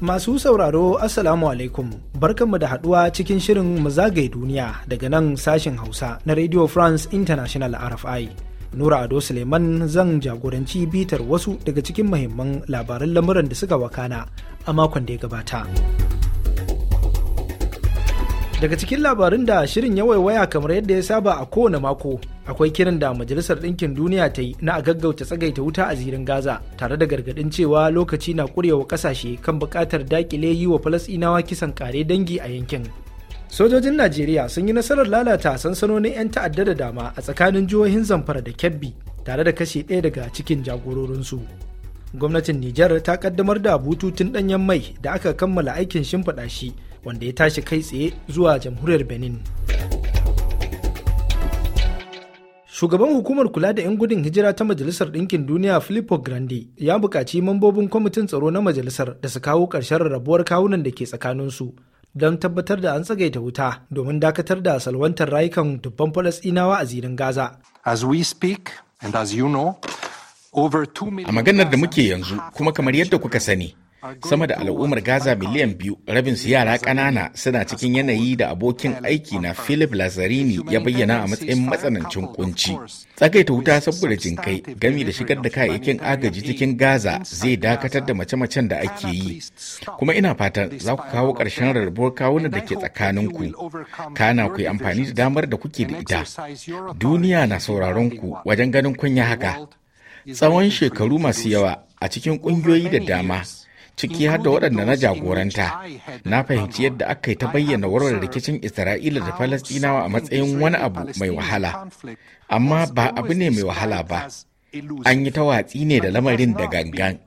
Masu sauraro Assalamu alaikum barkanmu da haduwa cikin shirin zagaye duniya daga nan sashen Hausa na Radio France International RFI. Nura Ado Suleiman zan jagoranci bitar wasu daga cikin muhimman labaran lamuran da suka wakana a makon da ya gabata. daga cikin labarin da shirin ya waiwaya kamar yadda ya saba a kowane mako akwai kiran da majalisar ɗinkin duniya ta yi na a gaggauta tsagaita wuta a zirin gaza tare da gargaɗin cewa lokaci na ƙurewa ƙasashe kan buƙatar daƙile yi wa falasɗinawa kisan ƙare dangi a yankin sojojin najeriya sun yi nasarar lalata sansanonin 'yan ta'adda da dama a tsakanin jihohin zamfara da kebbi tare da kashe ɗaya daga cikin jagororinsu gwamnatin nijar ta ƙaddamar da bututun ɗanyen mai da aka kammala aikin shimfiɗa shi wanda ya tashi kai tsaye zuwa jamhuriyar benin shugaban hukumar kula da 'yan gudun hijira ta majalisar ɗinkin duniya filippo grande ya buƙaci mambobin kwamitin tsaro na majalisar da su kawo ƙarshen rabuwar kawunan da ke tsakaninsu don tabbatar da an tsagaita wuta domin dakatar da salwantar rayukan dubban falasɗinawa a zirin gaza as we speak and A maganar da muke yanzu kuma kamar yadda kuka sani, sama da al'ummar gaza miliyan biyu rabin su yara ƙanana suna cikin yanayi da abokin aiki na philip lazarini ya bayyana a matsayin matsanancin kunci tsagaita wuta saboda jinkai gami da shigar da kayayyakin agaji cikin gaza zai dakatar da mace-macen da ake yi kuma ina fatan za ku kawo ƙarshen rarrabuwar kawuna da ke tsakaninku kana ku yi amfani da damar da kuke da ita duniya na sauraron ku wajen ganin kunya haka tsawon shekaru masu yawa a cikin ƙungiyoyi da dama ciki har da waɗanda na jagoranta na fahimci yadda aka yi ta bayyana warware rikicin isra'ila da falastinawa a matsayin wani abu mai wahala amma ba abu ne mai wahala ba an yi ta watsi ne da lamarin da gangan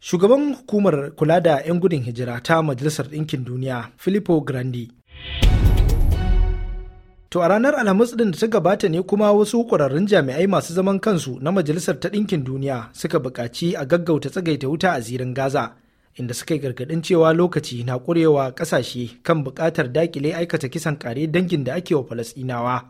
shugaban hukumar kula da 'yan gudun hijira ta majalisar ɗinkin duniya filippo grandi To a ranar Alhamis ɗin da ta gabata ne kuma wasu ƙwararrun jami'ai masu zaman kansu na Majalisar ta Ɗinkin Duniya suka buƙaci a gaggauta tsagaita wuta a zirin Gaza, inda suka yi gargaɗin cewa lokaci na ƙurewa ƙasashe kan buƙatar daƙile aikata kisan ƙare dangin da ake wa Falasɗinawa.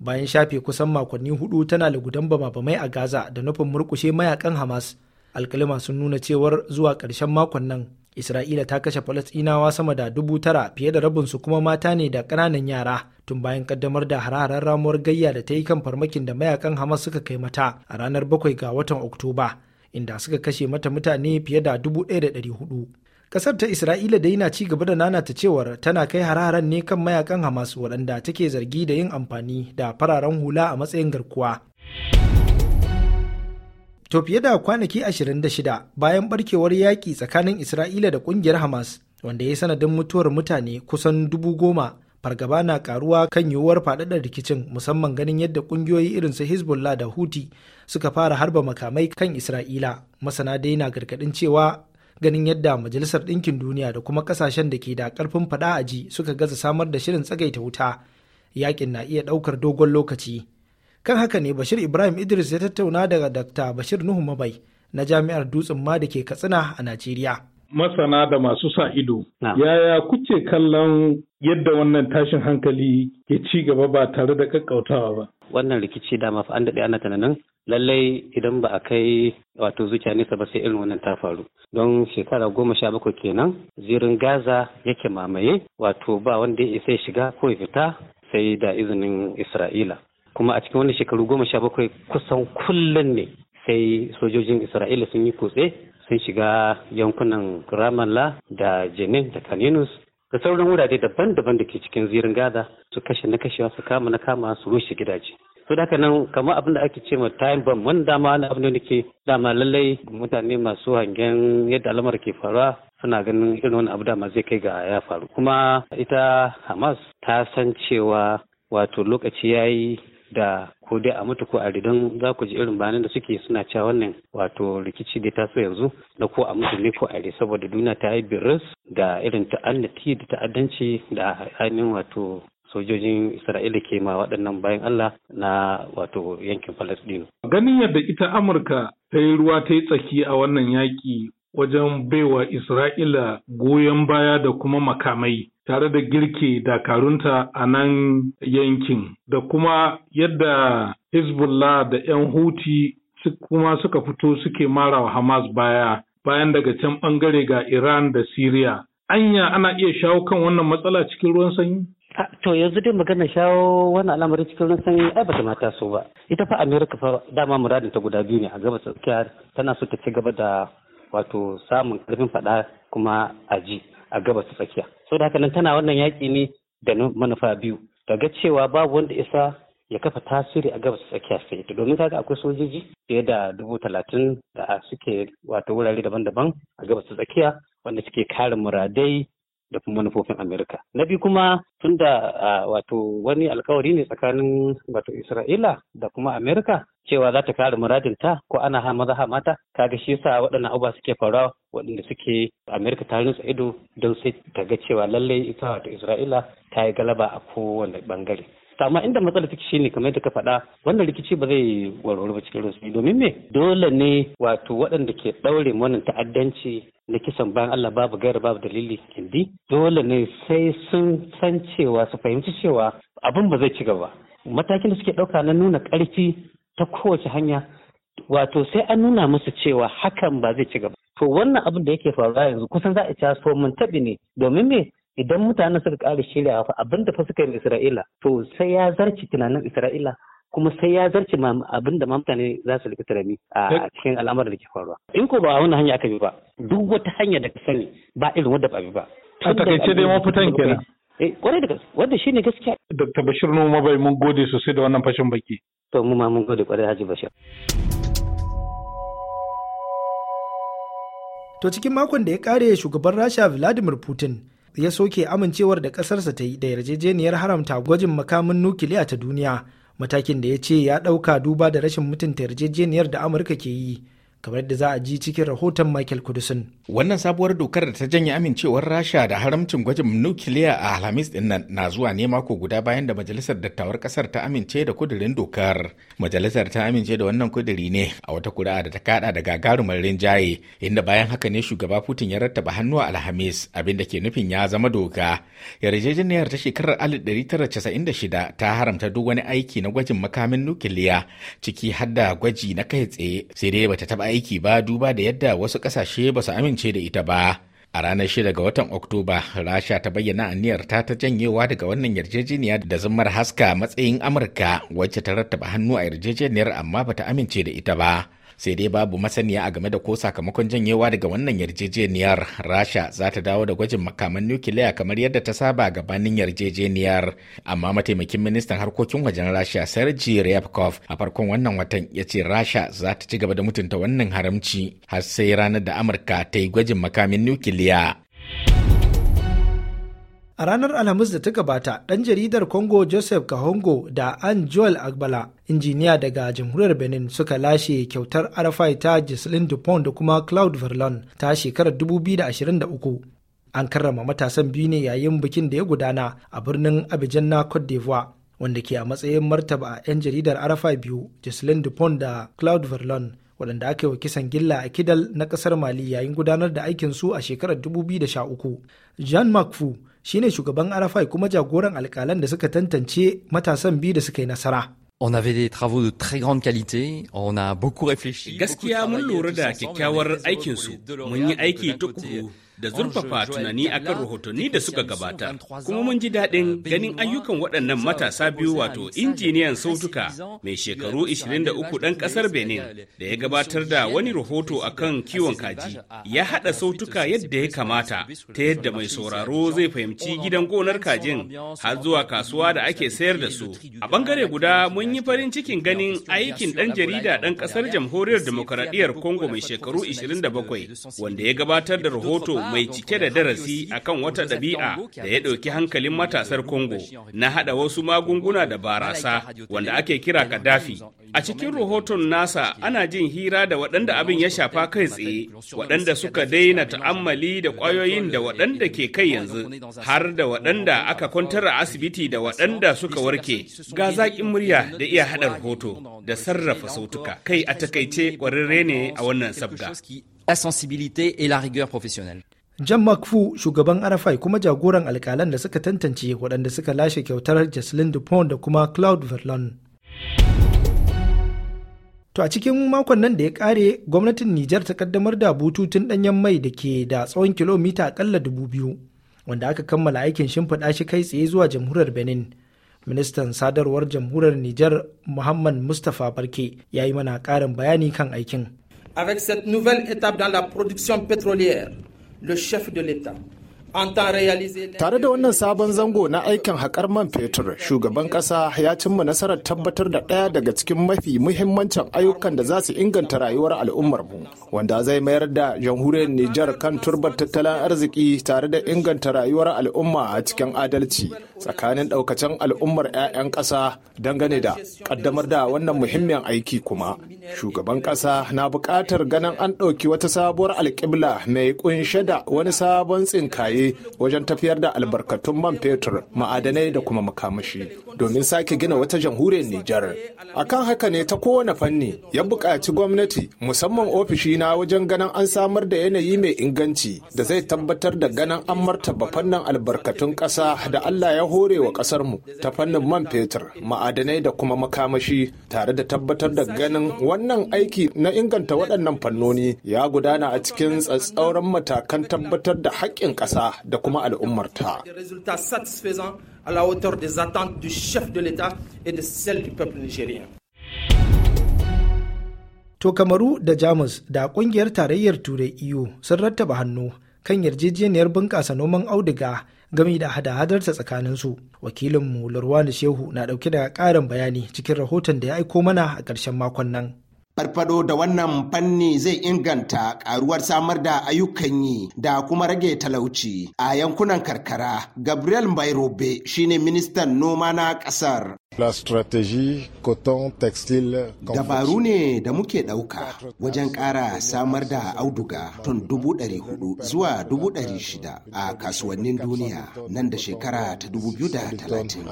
Bayan shafe kusan makonni hudu tana lagudan bama-bamai a Gaza da nufin murƙushe mayakan Hamas, alƙalima sun nuna cewar zuwa ƙarshen makon nan Isra'ila ta kashe Falasɗinawa sama da dubu tara fiye da rabinsu kuma mata ne da ƙananan yara tun bayan kaddamar da hare ramuwar gayya da ta yi kan farmakin da mayakan Hamas suka kai mata a ranar bakwai ga watan Oktoba inda suka kashe mata mutane fiye da dubu ɗaya da ɗari hudu. Kasar ta Isra'ila da yana ci gaba da nanata cewar tana kai hararren ne kan mayakan Hamas waɗanda take zargi da yin amfani da fararen hula a matsayin garkuwa. To fiye da kwanaki 26 bayan barkewar yaƙi tsakanin Isra'ila da ƙungiyar Hamas wanda ya sanadin mutuwar mutane kusan dubu goma fargaba na karuwa kan yiwuwar faɗaɗar rikicin musamman ganin yadda ƙungiyoyi irin su Hezbollah da Houthi suka fara harba makamai kan Isra'ila. Masana dai na gargaɗin cewa ganin yadda Majalisar Ɗinkin Duniya da kuma ƙasashen da ke da ƙarfin faɗa a ji suka gaza samar da shirin tsagaita wuta yaƙin na iya ɗaukar dogon lokaci. kan haka ne bashir ibrahim idris ya tattauna daga dr bashir nuhu mabai na jami'ar dutsen ma da ke katsina a najeriya masana da masu sa ido yaya kuke kallon yadda wannan tashin hankali ke ci gaba ba tare da kakkautawa ba wannan rikici da mafi an daɗe ana tunanin lallai idan ba a kai wato zuciya nesa ba sai irin wannan ta faru don shekara goma sha bakwai kenan zirin gaza yake mamaye wato ba wanda ya isa ya shiga ko ya fita sai da izinin isra'ila kuma a cikin wannan shekaru goma sha bakwai kusan kullum ne sai sojojin isra'ila sun yi kutse sun shiga yankunan ramallah da jenin da kaninus da sauran wurare daban-daban da ke cikin zirin gaza su kashe na kashewa su kama na kama su rushe gidaje to da nan kamar abin da ake ce ma time bomb wani dama wani abin da nake dama lallai mutane masu hangen yadda al'amar ke faruwa suna ganin irin wani abu dama zai kai ga ya faru kuma ita hamas ta san cewa wato lokaci yayi. da ko dai a mutu ko a ridan za ku ji irin bayanan da suke suna cewa wannan wato rikici da taso yanzu na ko a mutu ne ko a ri saboda duniya ta yi biris da irin ta'annati da ta'addanci da ainihin wato sojojin Isra'ila ke ma waɗannan bayan Allah na wato yankin Falasɗinu. Ganin yadda ita Amurka ta yi ruwa ta yi tsaki a wannan yaƙi wajen baiwa Isra'ila goyon baya da kuma makamai tare da girke dakarunta a nan yankin da kuma yadda Hezbollah da 'yan Houthi kuma suka fito suke wa Hamas baya bayan daga can bangare ga Iran da Siriya. Anya ana iya shawo kan wannan matsala cikin ruwan sanyi? To yanzu dai magana shawo wannan al'amari cikin ruwan sanyi ai bata mata so ba. Ita fa Amerika fa dama muradin ta guda biyu ne a gaba, tsakiya tana so ta ci gaba da wato samun karfin faɗa kuma a ji a gabas tsakiya da haka nan tana wannan yaƙi ne da manufa biyu daga cewa babu wanda isa ya kafa tasiri a gabas tsakiya sai to domin kaga akwai sojoji fiye da dubu talatin da suke wato wurare daban-daban a gabas tsakiya wanda suke kare muradai da kuma manufofin Amerika. Na biyu kuma tun tunda wato wani alkawari ne tsakanin wato Isra'ila da kuma Amerika cewa za ta kare muradinta ko ana ha maza ha mata kaga shi yasa waɗannan abubuwa suke faruwa waɗanda suke Amerika ta rinsa ido don sai ta ga cewa lallai ita wato Isra'ila ta yi galaba a kowane bangare. to amma inda matsala take shine kamar yadda ka faɗa wannan rikici ba zai warware ba cikin rasmi domin me dole ne wato waɗanda ke ɗaure wannan ta'addanci na kisan bayan Allah babu gaira babu dalili kindi dole ne sai sun san cewa su fahimci cewa abin ba zai ci gaba matakin da suke ɗauka na nuna ƙarfi ta kowace hanya wato sai an nuna musu cewa hakan ba zai ci gaba to wannan abin da yake faruwa yanzu kusan za a ci so mun taɓi ne domin me idan mutane suka ƙara shirya fa abin da fa suka yi Isra'ila to sai ya zarci tunanin Isra'ila kuma sai ya zarci abin da mutane za su rika tunani a cikin al'amarin da ke faruwa in ko ba a wannan hanya aka bi ba duk wata hanya da ka sani ba irin wadda ba bi ba a takaice dai mafitan kenan kwarai eh, da gaske wanda shi ne gaskiya dr bashir noma bai mun gode sosai da wannan fashin baki to mu ma mun gode kwarai haji bashir To cikin makon da ya kare shugaban Rasha Vladimir Putin ya soke amincewar da ƙasarsa ta yi da yarjejeniyar haramta gwajin makamin nukiliya ta duniya matakin da ya ce ya ɗauka duba da rashin mutunta yarjejeniyar da amurka ke yi kamar yadda za a ji cikin rahoton Michael Kudusun. Wannan sabuwar dokar da ta janye amincewar Rasha da haramcin gwajin nukiliya a Alhamis din nan na zuwa ne mako guda bayan da Majalisar Dattawar Kasar ta amince da kudirin dokar. Majalisar ta amince da wannan kudiri ne a wata kuri'a da ta kada da gagarumin rinjaye inda bayan haka ne shugaba Putin ya rattaba hannu a Alhamis abin da ke nufin ya zama doka. Yarjejeniyar ta shekarar 1996 ta haramta duk wani aiki na gwajin makamin nukiliya ciki hadda gwaji na kai tsaye sai dai bata taba aiki ba duba da yadda wasu kasashe ba su amince da ita ba. A ranar shida ga watan Oktoba, Rasha ta bayyana aniyarta ta ta janyewa daga wannan yarjejeniya da zimmar haska matsayin Amurka wacce ta rattaba hannu a yarjejeniyar amma ba ta amince da ita ba. sai dai babu masaniya a game da ko sakamakon janyewa daga wannan yarjejeniyar rasha za ta dawo da gwajin makaman nukiliya kamar yadda ta saba gabanin yarjejeniyar amma mataimakin ministan harkokin wajen rasha sergei ryabkov a farkon wannan watan ya ce rasha za ta ci gaba da mutunta wannan haramci har sai ranar da amurka ta yi gwajin makamin nukiliya A ranar Alhamis da ta gabata, ɗan jaridar Congo Joseph Kahongo da an Joel Agbala, injiniya daga jamhuriyar Benin suka lashe kyautar Arafai ta Jocelyn Dupont da kuma Claude Verlon ta shekarar 2023. An karrama matasan biyu ne yayin bikin da ya gudana a birnin Abidjan na Cote d'Ivoire. Wanda ke a matsayin martaba a 'yan jaridar Arafai biyu, Jocelyn Dupont da Claude Verlon, waɗanda aka yi wa kisan gilla a kidal na ƙasar Mali yayin gudanar da aikin su a shekarar 2013. Jean Macfou shine shugaban Arafai kuma jagoran alkalan da suka tantance matasan biyu da suka yi nasara. On avait des travaux de très grande qualité, on a beaucoup réfléchi. Gaskiya mun lura da kyakkyawar aikinsu, mun yi aiki tukuru. da zurfafa tunani akan rahotanni da suka gabata kuma mun ji daɗin euh, ganin ayyukan waɗannan matasa biyu wato injiniyan sautuka mai shekaru 23 ɗan ƙasar benin da ya gabatar da wani rahoto akan kiwon kaji ya haɗa sautuka yadda ya kamata ta yadda mai sauraro zai fahimci gidan gonar kajin har zuwa kasuwa da ake sayar da su a bangare guda mun yi farin cikin ganin aikin ɗan jarida ɗan ƙasar jamhuriyar demokaradiyyar congo mai shekaru 27 wanda ya gabatar da rahoto mai cike da darasi a kan wata ɗabi'a da ya ɗauki hankalin matasar Congo na haɗa wasu magunguna da barasa wanda ake kira Gaddafi. A cikin rahoton nasa ana jin hira da waɗanda abin ya shafa kai tsaye, waɗanda suka daina ta'ammali da ƙwayoyin da waɗanda ke kai yanzu, har da waɗanda aka kwantar a asibiti da waɗanda suka warke. Ga zaƙin murya da iya haɗa rahoto da sarrafa sautuka. Kai a takaice ƙwararre ne a wannan sabga. La sensibilité et la rigueur professionnelle. Jan Makfu shugaban Arafai kuma jagoran alkalan da suka tantance waɗanda suka lashe kyautar Jocelyn Dupont da kuma Claude Verlon. To a cikin makon nan da ya ƙare gwamnatin Nijar ta kaddamar da bututun ɗanyen mai da ke da tsawon kilomita akalla dubu biyu wanda aka kammala aikin shimfiɗa shi kai tsaye zuwa jamhuriyar Benin. Ministan sadarwar jamhuriyar Nijar Muhammad Mustapha Barke ya yi mana ƙarin bayani kan aikin. Avec cette nouvelle étape dans la production pétrolière, le chef de l'État Tare da wannan sabon zango na aikin haƙar man fetur, shugaban ƙasa ya cimma nasarar tabbatar da ɗaya daga cikin mafi muhimmancin ayyukan da za su inganta rayuwar al'ummar mu. wanda zai mayar da jamhuriyar Nijar kan turbar tattalin arziki tare da inganta rayuwar al'umma a cikin adalci tsakanin ɗaukacin al'ummar 'ya'yan ƙasa dangane da ƙaddamar da wannan muhimmin aiki kuma. Shugaban ƙasa na buƙatar ganin an ɗauki wata sabuwar alƙibla mai ƙunshe da wani sabon tsinkaye tsaye wajen tafiyar da albarkatun man fetur ma'adanai da kuma makamashi domin sake gina wata jamhuriyar Nijar. Akan haka ne ta kowane fanni ya buƙaci gwamnati musamman ofishi na wajen ganin an samar da yanayi mai inganci da zai tabbatar da ganin an martaba fannin albarkatun ƙasa da Allah ya hore wa ƙasar mu ta fannin man fetur ma'adanai da kuma makamashi tare da tabbatar da ganin wannan aiki na inganta waɗannan fannoni ya gudana a cikin tsatsauran matakan tabbatar da haƙƙin ƙasa da kuma al'ummarta. To Kamaru da Jamus da kungiyar tarayyar Turai iyo e sun rattaba hannu kan yarjejeniyar bunƙasa noman auduga gami da hada-hadarta tsakaninsu. Wakilinmu Lurwani Shehu na ɗauke da ƙarin bayani cikin rahoton da ya aiko mana a ƙarshen makon nan. Farfado da wannan fanni zai inganta karuwar samar da ayyukan yi da kuma rage talauci a yankunan karkara. Gabriel Mbairobe shine ministan noma na kasar. Dabaru ne da muke ɗauka wajen ƙara samar da auduga ton dubu ɗari hudu zuwa dubu ɗari shida a kasuwannin duniya nan da shekara ta dubu biyu da talatin.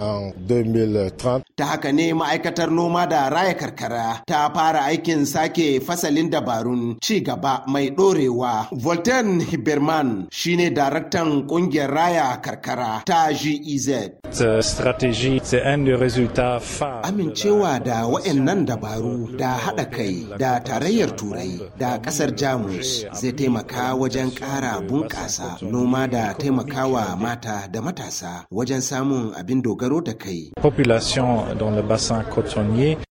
Ta haka ne ma'aikatar noma da raya karkara ta fara aikin sake fasalin dabarun ci gaba mai ɗorewa. Voltaire Hiberman ne daraktan ƙungiyar raya karkara ta GEZ. Amincewa da waɗannan dabaru da haɗa kai da tarayyar Turai da ƙasar Jamus zai taimaka wajen ƙara bunƙasa noma da taimakawa mata da matasa wajen samun abin dogaro da kai.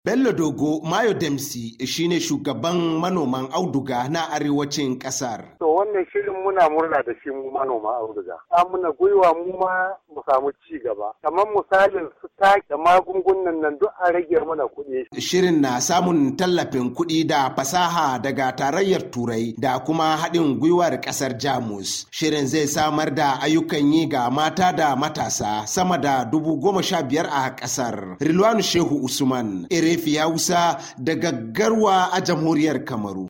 Bello Dogo Mayo Dempsey shine shugaban manoman auduga na arewacin ƙasar. To wannan muna murna da shi mu manoma auduga ta muna gwiwa mu ma mu samu ci gaba kamar misalin su da magungunan nan duk a rage mana kuɗi shirin na samun tallafin kuɗi da fasaha daga tarayyar turai da kuma haɗin gwiwar ƙasar jamus shirin zai samar da ayyukan yi ga mata da matasa sama da dubu goma sha biyar a ƙasar rilwanu shehu usman erefi hausa daga garwa a jamhuriyar kamaru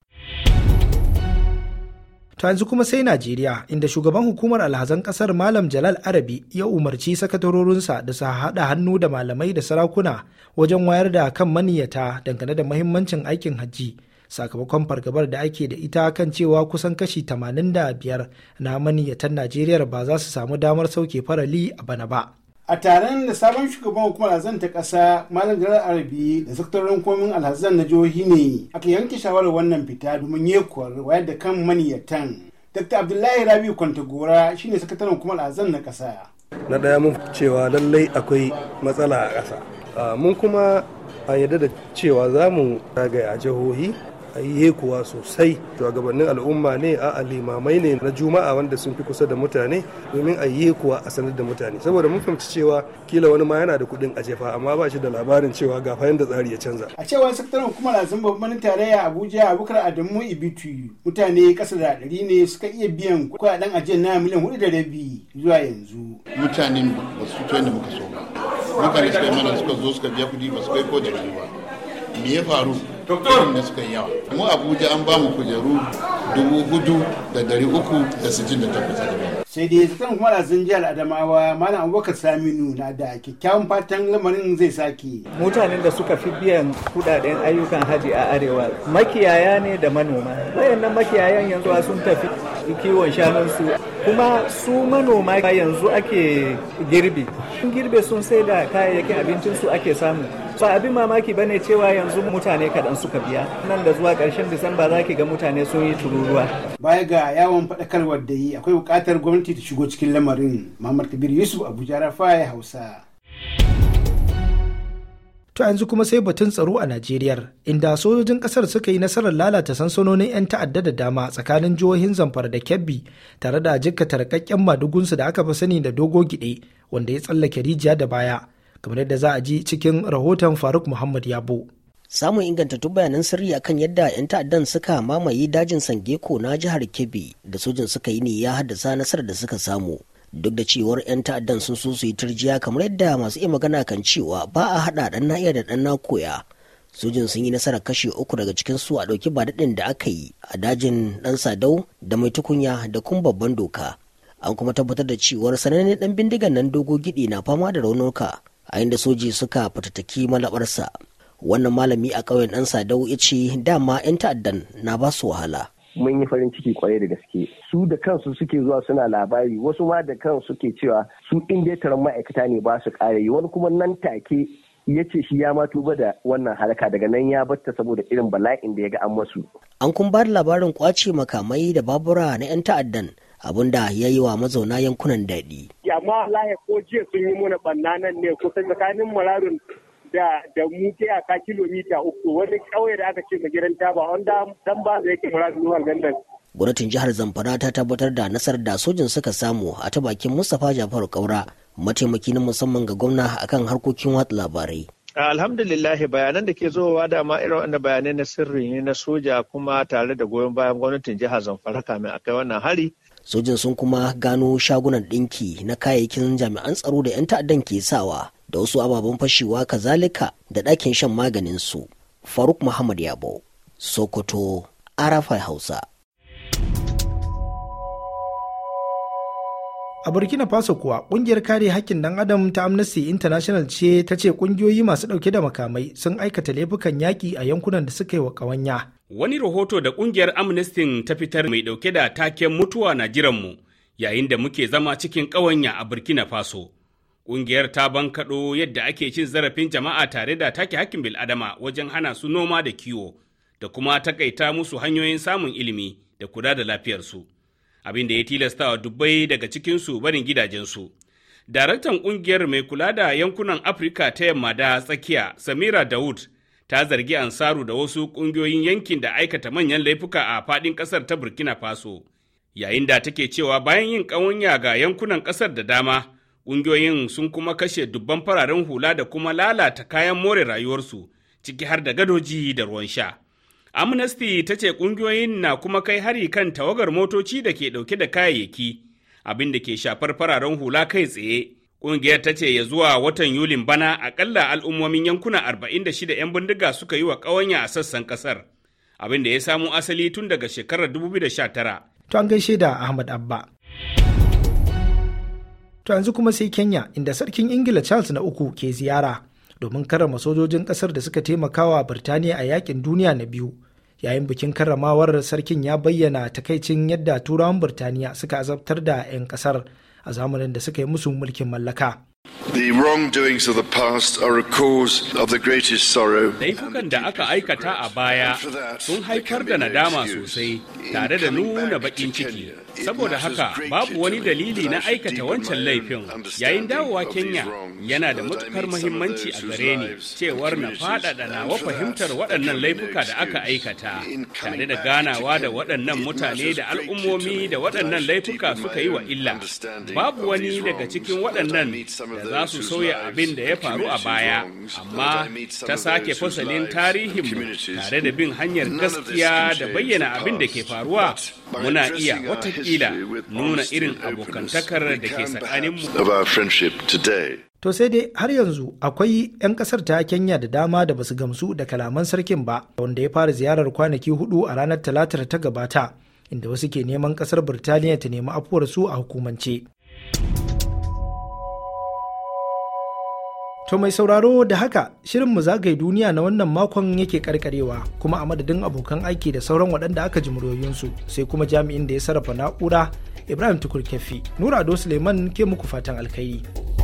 ta yanzu kuma sai Najeriya inda shugaban hukumar alhazan kasar Malam Jalal Arabi ya umarci sakatarorinsa da su haɗa hannu da malamai da sarakuna wajen wayar da kan maniyata dangane da mahimmancin aikin hajji sakamakon fargabar da ake da ita kan cewa kusan kashi 85 na maniyatan Najeriya ba za su samu damar sauke farali a bana ba. a taron da sabon shugaban hukumar alhazan ta kasa malam jirar arabi da sakataren komin alhazan na jihohi ne aka yanke shawarar wannan fita domin yekuwar wayar da kan maniyatan dr abdullahi rabi kwantagora shine sakataren hukumar alhazan na ƙasa na ɗaya mun cewa lallai akwai matsala a ƙasa ah, mun kuma a yadda da cewa za mu zagaya a jihohi a yi kuwa sosai shugabannin al'umma ne a limamai ne na juma'a wanda sun fi kusa da mutane domin a yi kuwa a sanar da mutane saboda mun fahimci cewa kila wani ma yana da kuɗin a jefa amma ba shi da labarin cewa ga fayin da tsari ya canza a cewar sakataren hukumar lazim babban tarayya abuja abubakar adamu ibitu mutane kasa da ɗari ne suka iya biyan kuɗaɗen ajiyar na miliyan hudu da rabi zuwa yanzu mutane ba su fito yadda muka so ba mutane suka yi mana suka zo suka biya kuɗi ba su kai ko da ba me ya faru doktor ne suka yi yawa mu abuja an ba mu kujeru dubu hudu da dari uku da sittin da takwas sai dai zan kuma sun jihar adamawa malam abubakar saminu na da kyakkyawan fatan lamarin zai sake mutanen da suka fi biyan kudaden ayyukan haji a arewa makiyaya ne da manoma wayannan makiyayan yanzu sun tafi kiwon shanunsu kuma su manoma yanzu ake girbi sun girbe sun sai da kayayyakin abincinsu ake samu ba abin mamaki ba ne cewa yanzu mutane kaɗan suka biya nan da zuwa ƙarshen disamba za ki ga mutane sun yi tururuwa baya ga yawon faɗakarwar da yi akwai buƙatar gwamnati ta shigo cikin lamarin mamar kabir yusuf abuja rafa ya hausa To yanzu kuma sai batun tsaro a Najeriya, inda sojojin kasar suka yi nasarar lalata sansanonin 'yan ta'adda da dama tsakanin jihohin Zamfara da Kebbi tare da jikkata tarkakken madugunsu da aka fi sani da dogo gide wanda ya tsallake rijiya da baya, kamar yadda za a ji cikin rahoton Faruk Muhammad Yabo. samun ingantattun bayanan sirri akan yadda 'yan ta'addan suka mamaye dajin sangeko na jihar kebbi da sojin suka yi ne ya haddasa nasarar da suka samu duk da cewar 'yan ta'addan sun so su yi turjiya kamar yadda masu iya magana kan cewa ba a haɗa ɗan na iya da ɗan na koya sojin sun yi nasarar kashe uku daga cikin su a ɗauki ba daɗin da aka yi a dajin ɗan sadau da mai tukunya da kun babban doka an kuma tabbatar da cewar sanannen ɗan bindigan nan dogo gidi na fama da raunuka a inda soji suka fatattaki malabarsa wannan malami a ƙauyen ɗan sadau ya ce dama 'yan ta'addan na ba su wahala mun yi farin ciki kwarai da gaske su da kansu suke zuwa suna labari wasu ma da kansu suke cewa su in dai taron ma'aikata ne ba su ƙara yi wani kuma nan take ya ce shi ya ma tuba da wannan harka daga nan ya batta saboda irin bala'in da ya ga an masu. An kun ba labarin kwace makamai da babura na 'yan ta'addan abun da ya yi wa mazauna yankunan daɗi. Amma Allah ko jiya sun yi mana banna nan ne kusan tsakanin mararin da da a ka kilomita uku wani ƙauye da aka ce ma gidan taba wanda dan ba zai ke mura zuwa gandan gwamnatin jihar zamfara ta tabbatar da nasarar da sojin suka samu a ta bakin mustapha jafaru kaura mataimaki na musamman ga gwamna akan harkokin watsa labarai alhamdulillah bayanan da ke zowa dama irin wannan bayanai na sirri ne na soja kuma tare da goyon bayan gwamnatin jihar zamfara kamin a kai wannan hari sojin sun kuma gano shagunan ɗinki na kayayyakin jami'an tsaro da 'yan ta'addan ke sawa da wasu ababen fashewa kazalika da ɗakin shan maganin su faruk muhammad yabo sokoto arafa hausa a burkina faso kuwa kungiyar kare hakkin dan adam ta amnesty international ce ta ce kungiyoyi masu dauke da makamai sun aikata laifukan yaki a yankunan da suka yi wa kawanya wani rahoto da kungiyar amnesty ta fitar mai dauke da taken mutuwa na jiranmu yayin da muke zama cikin kawanya a burkina faso Ƙungiyar ta bankaɗo yadda ake cin zarafin jama'a tare da take hakkin bil'adama wajen hana su noma da kiwo da kuma takaita musu hanyoyin samun ilimi da kula da lafiyarsu. Abin da ya tilasta wa dubbai daga cikinsu barin gidajensu. Daraktan ƙungiyar mai kula da yankunan Afirka ta yamma da tsakiya Samira Daud ta zargi Ansaru da wasu ƙungiyoyin yankin da aikata manyan laifuka a faɗin ƙasar ta Burkina Faso. Yayin da take cewa bayan yin ƙawanya ga yankunan ƙasar da dama, Ƙungiyoyin sun kuma kashe dubban fararen hula da kuma lalata kayan more rayuwarsu ciki har da gadoji da ruwan sha. Amnesty ta ce ƙungiyoyin na kuma kai hari kan tawagar motoci da ke ɗauke da kayayyaki abin da ke shafar fararen hula kai tsaye. Ƙungiyar ta ce ya zuwa watan Yulin bana aƙalla al'ummomin yankuna 46 'yan bindiga suka yi wa ƙawanya a sassan ƙasar, abin da ya samu asali tun daga shekarar 2019. To an gaishe da Ahmad Abba. To yanzu kuma sai Kenya inda sarkin Ingila Charles na uku ke ziyara domin karrama sojojin kasar da suka taimakawa Birtaniya a yakin duniya na biyu. Yayin bikin karramawar sarkin ya bayyana takaicin yadda turawan Birtaniya suka azabtar da 'yan kasar a zamanin da suka yi musu mulkin mallaka. The wrongdoings of the past a cause of the greatest Laifukan da aka aikata a baya sun haifar da nadama sosai tare da nuna bakin ciki. Saboda haka babu wani dalili na aikata wancan laifin yayin dawowa Kenya yana da matukar muhimmanci a gare ni cewar na faɗaɗa nawa fahimtar waɗannan laifuka da aka aikata tare da ganawa da waɗannan mutane da al'ummomi da waɗannan laifuka suka yi wa illa. Babu wani daga cikin waɗannan za su sauya abin da ya faru a baya amma ta sake fasalin tarihinmu tare da bin hanyar gaskiya da bayyana abin da ke faruwa muna iya watakila nuna irin abokantakar da ke tsakaninmu To sai dai har yanzu akwai 'yan kasar ta Kenya da dama da basu gamsu da kalaman sarkin ba wanda ya fara ziyarar kwanaki hudu a ranar talatar ta gabata inda wasu ke neman kasar Birtaniya ta nemi afuwar su a hukumance. To mai sauraro da haka shirin mu zagaye duniya na wannan makon yake karkarewa kuma a madadin abokan aiki da sauran waɗanda aka ji muryoyinsu sai kuma jami'in da ya sarrafa na'ura Ibrahim Tukur Kefi, Nura Ado Suleiman ke muku fatan alkhairi.